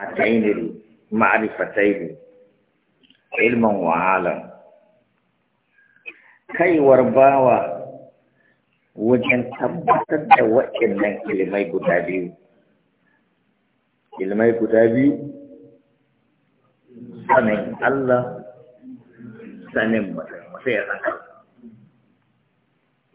هاتين المعرفتين علما وعالم Kaiwar bawa wajen tabbatar da waɗannan ilmai guda biyu ilmai guda biyu sanin Allah sanin mutum mutum ya san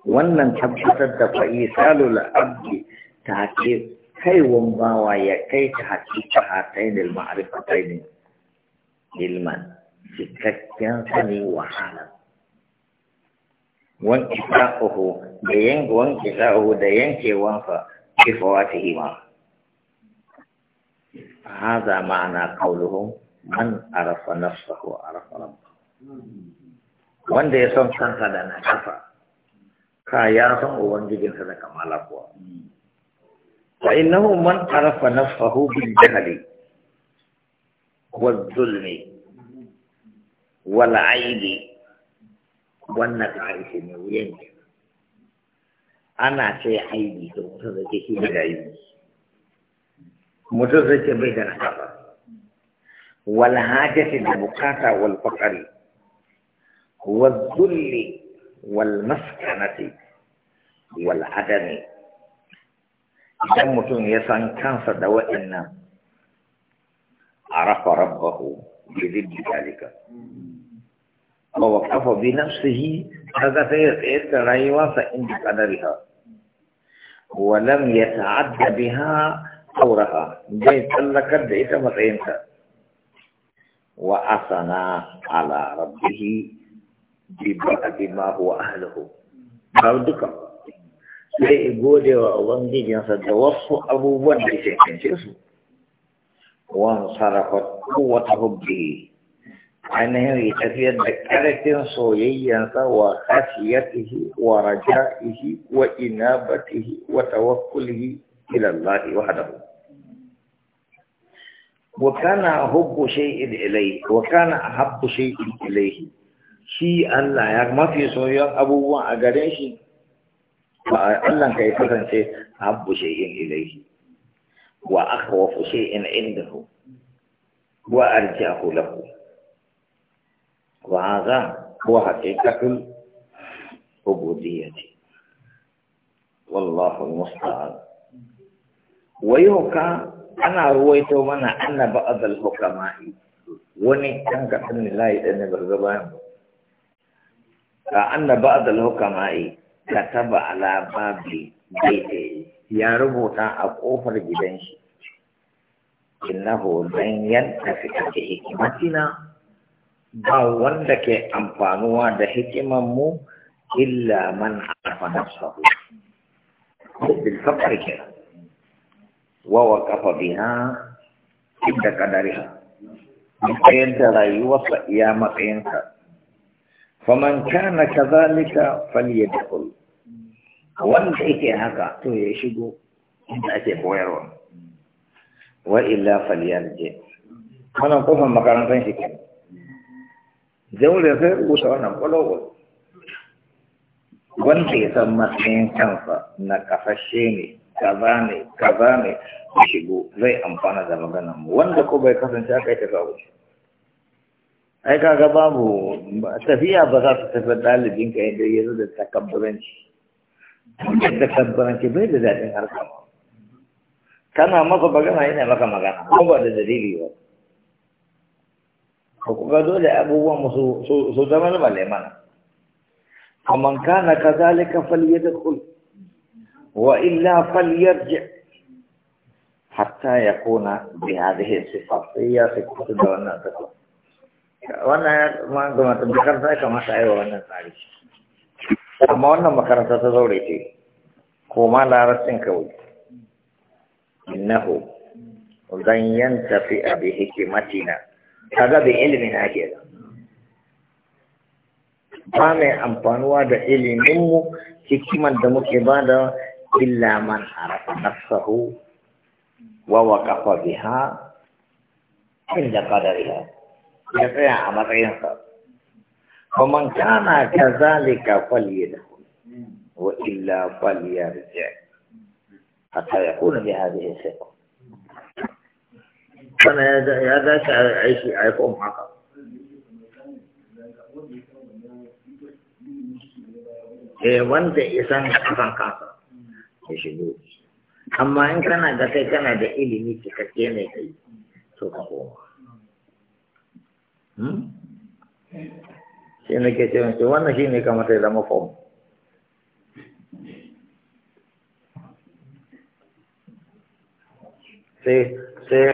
wannan tabbatar da fa'isalul abdi ta haƙiƙa kaiwan bawa ya kai ta hakika hatainil ma'rifataini ilman cikakken sani wahala wanki sa'uhu da yanke wanki sa'uhu da yankewansa kifawa ta hima هذا معنى قولهم من arafa نفسه عرف ربه wanda ya son kansa da na kafa ka ya san ubangijinsa da kamala kuwa فإنه من عرف نفسه بالجهل والظلم والعيب والنقائص وين أنا شيء عيبي متزكي شيء بعيبي متزكي بين والحاجة البكاة والفقر والذل والمسكنة والعدم idan mutum ya san kansa da waɗannan arafa rabbahu bi ziddi dalika wa waqafa bi nafsihi kaga sai ya tsayar da rayuwarsa in inda kadariha wa lam yata'adda biha awraha bai tsallakar da ita matsayinta wa asana ala rabbihi bi ba'di ma huwa ahluhu ba duka Zai gode wa ubangijinsa da wasu abubuwan da ke kance su wan sarafa kowata hubbi ainihin ya tafiyar da ƙarfin soyayyansa wa kasiyatihi wa raja'ihi wa inabatihi wa tawakkulihi ila Allah wahdahu wa kana hubbu shay'in ilayhi wa kana ahabbu shay'in ilayhi shi Allah ya mafi soyayyan abubuwan a gare shi Allah ka yi kasance habbu shay'in ilayhi wa akhwafu shay'in indahu wa arjahu lahu wa hadha huwa haqiqatul ubudiyyah wallahu musta'an wa yuka ana ruwaito mana anna ba'd al-hukama'i wani kan ka tunni layi dan ne barzaba ka anna ba'd al-hukama'i kataba ala babi ya rubuta a kofar gidan shi innahu lan yantafi bi hikmatina ba wanda ke amfanuwa da hikiman mu illa man arfa nafsahu bil faqr kira wa waqafa biha inda qadariha bayan da rayuwarsa iya matsayinsa faman kana kazalika falyadkhul wanda yake haka to ya shigo inda ake koyarwa wa illa falyarji kana kofar makarantar shi ke Jaule sai rubuta wannan kwalawar wanda ya san matsayin kansa na kafashe ne kaza ne kaza ne shigo zai amfana da maganan wanda ko bai kasance aka yi ta ai kaga babu tafiya ba za ta tafi ɗalibin ka yadda ya da takabburanci takabburanci bai da daɗin harka kana maka magana yana maka magana ko ba da dalili ba ko kuka dole abubuwan musu su zama na malemana ka falye da kul wa illa falyarji hatta yakuna bi hadhihi sifat ya kusa da wannan sifat wannan ya kamata makaranta ya kamata a yi wa wannan tsari amma wannan makaranta ta zaure ce ko ma larabcin kawai innahu zan yanta fi abi hikimatina kaga bi ilimin ake da ba mai amfanuwa da iliminmu hikiman da muke ba da illa man arafa nafsahu wa waqafa biha inda qadariha ya tsaya a matsayinsa kuma kana ka zalika falle da wa illa falle ya rike hatta ya kuna bi hadi sai kana ya ga shi aiki aikon haka E, wanda isan kasan kasa ya shigo amma in kana da kai kana da ilimi cikakke ne kai to ka koma Hmm? shi ne ke ce mace wannan ka ne kamata ya zama